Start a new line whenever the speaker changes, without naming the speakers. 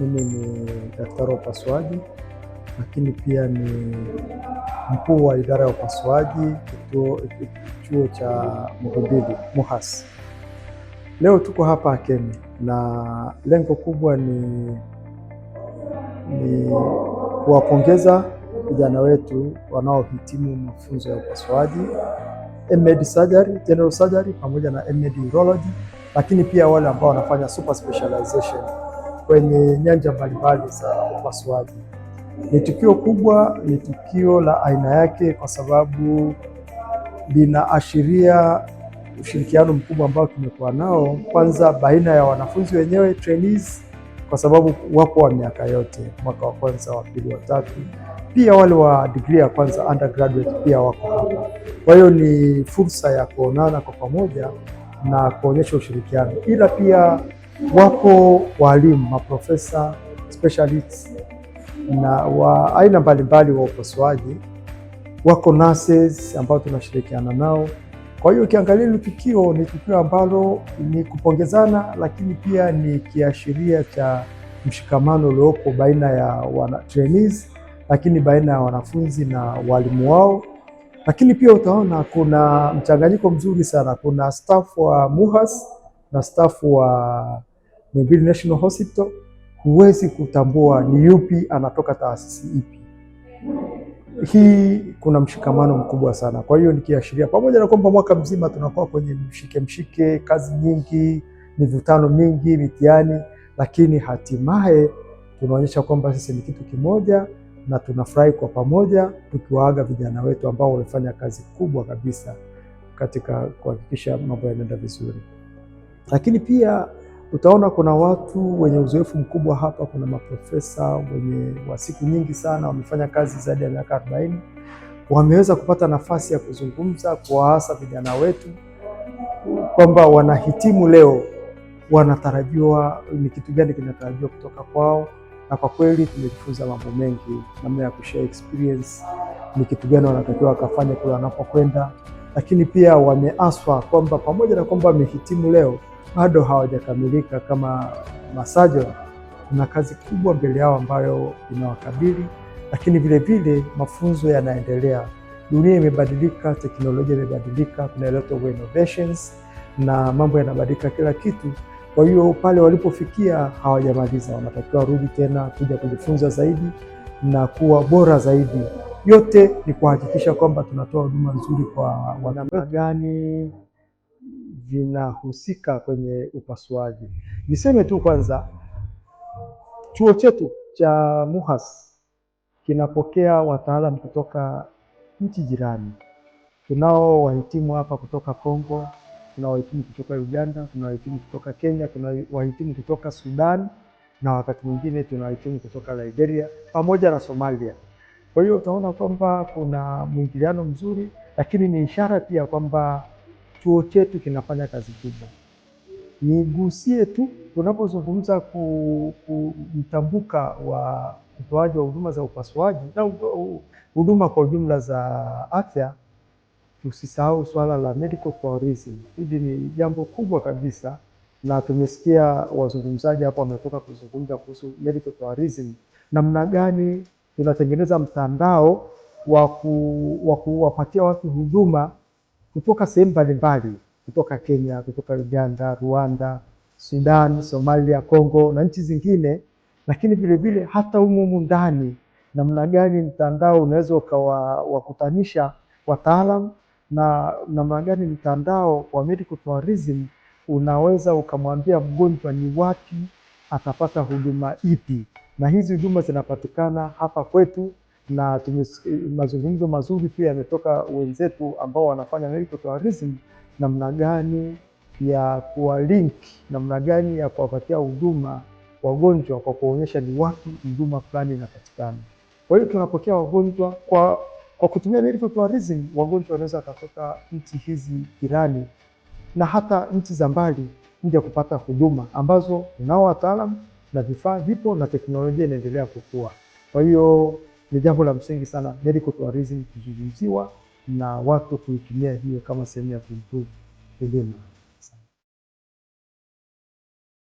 Mimi ni daktari wa upasuaji, lakini pia ni mkuu wa idara ya upasuaji chuo cha Muhimbili MUHAS. Leo tuko hapa akeme na lengo kubwa ni, ni kuwapongeza vijana wetu wanaohitimu mafunzo ya upasuaji MD e surgery, general surgery pamoja na MD e urology, lakini pia wale ambao wanafanya super specialization kwenye nyanja mbalimbali za upasuaji. Ni tukio kubwa, ni tukio la aina yake kwa sababu linaashiria ushirikiano mkubwa ambao tumekuwa nao, kwanza baina ya wanafunzi wenyewe trainees, kwa sababu wapo wa miaka yote, mwaka wa kwanza, wa pili, wa tatu, pia wale wa degree ya kwanza undergraduate pia wako hapa. Kwa hiyo ni fursa ya kuonana kwa pamoja na kuonyesha ushirikiano, ila pia Wapo walimu maprofesa specialists na wa aina mbalimbali wa upasuaji, wako nurses ambao tunashirikiana nao. Kwa hiyo ukiangalia hili tukio ni tukio ambalo ni kupongezana, lakini pia ni kiashiria cha mshikamano uliopo baina ya wana trainees, lakini baina ya wanafunzi na walimu wao. Lakini pia utaona kuna mchanganyiko mzuri sana, kuna staff wa MUHAS na staff wa Muhimbili National Hospital huwezi kutambua ni yupi anatoka taasisi ipi. Hii kuna mshikamano mkubwa sana, kwa hiyo nikiashiria, pamoja na kwamba mwaka mzima tunakuwa kwenye mshike mshike, kazi nyingi, mivutano mingi, mitihani, lakini hatimaye tunaonyesha kwamba sisi ni kitu kimoja na tunafurahi kwa pamoja, tukiwaaga vijana wetu ambao wamefanya kazi kubwa kabisa katika kuhakikisha mambo yanaenda vizuri, lakini pia Utaona kuna watu wenye uzoefu mkubwa hapa. Kuna maprofesa wenye wa siku nyingi sana, wamefanya kazi zaidi ya miaka 40, wameweza kupata nafasi ya kuzungumza, kuwaasa vijana wetu kwamba wanahitimu leo, wanatarajiwa ni kitu gani kinatarajiwa kutoka kwao. Na kwa kweli tumejifunza mambo mengi, namna ya kushare experience, ni kitu gani wanatakiwa wakafanya kule wanapokwenda, lakini pia wameaswa kwamba pamoja na kwamba wamehitimu leo bado hawajakamilika kama masajoni. Kuna kazi kubwa mbele yao ambayo inawakabili, lakini vilevile mafunzo yanaendelea. Dunia imebadilika, teknolojia imebadilika, of innovations na mambo yanabadilika kila kitu. Kwa hiyo pale walipofikia hawajamaliza, wanatakiwa rudi tena kuja kujifunza zaidi na kuwa bora zaidi. Yote ni kuhakikisha kwamba tunatoa huduma nzuri kwa wanamagani vinahusika kwenye upasuaji. Niseme tu kwanza, chuo chetu cha MUHAS kinapokea wataalam kutoka nchi jirani. Tunao wahitimu hapa kutoka Kongo, tuna wahitimu kutoka Uganda, tuna wahitimu kutoka Kenya, tuna wahitimu kutoka Sudan na wakati mwingine tuna wahitimu kutoka Liberia pamoja na Somalia. Kwa hiyo utaona kwamba kuna mwingiliano mzuri, lakini ni ishara pia kwamba kituo chetu kinafanya kazi kubwa. Nigusie tu tunapozungumza kumtambuka wa utoaji wa huduma za upasuaji na huduma kwa ujumla za afya, tusisahau swala la medical tourism. Hili ni jambo kubwa kabisa, na tumesikia wazungumzaji hapa wametoka kuzungumza kuhusu medical tourism, namna gani tunatengeneza mtandao wa kuwapatia watu huduma kutoka sehemu mbalimbali, kutoka Kenya, kutoka Uganda, Rwanda, Sudan, Somalia, Kongo na nchi zingine, lakini vilevile hata humu humu ndani, namna gani mtandao unaweza ukawakutanisha wataalam na namna gani mtandao wa medical tourism unaweza ukamwambia mgonjwa ni wapi atapata huduma ipi, na hizi huduma zinapatikana hapa kwetu na mazungumzo mazuri pia yametoka wenzetu ambao wanafanya neurotourisim, namna gani ya kuwalink, namna gani ya kuwapatia huduma wagonjwa kwa kuonyesha ni wapi huduma fulani inapatikana. Kwa hiyo tunapokea wagonjwa kwa, kwa kutumia neurotourisim, wagonjwa wanaweza wakatoka nchi hizi jirani na hata nchi za mbali kuja kupata huduma ambazo unao wataalamu na vifaa vipo na teknolojia inaendelea kukua. Kwa hiyo ni jambo la msingi sana medical tourism kuzungumziwa na watu kuitumia hiyo kama sehemu ya kuimprove elimu.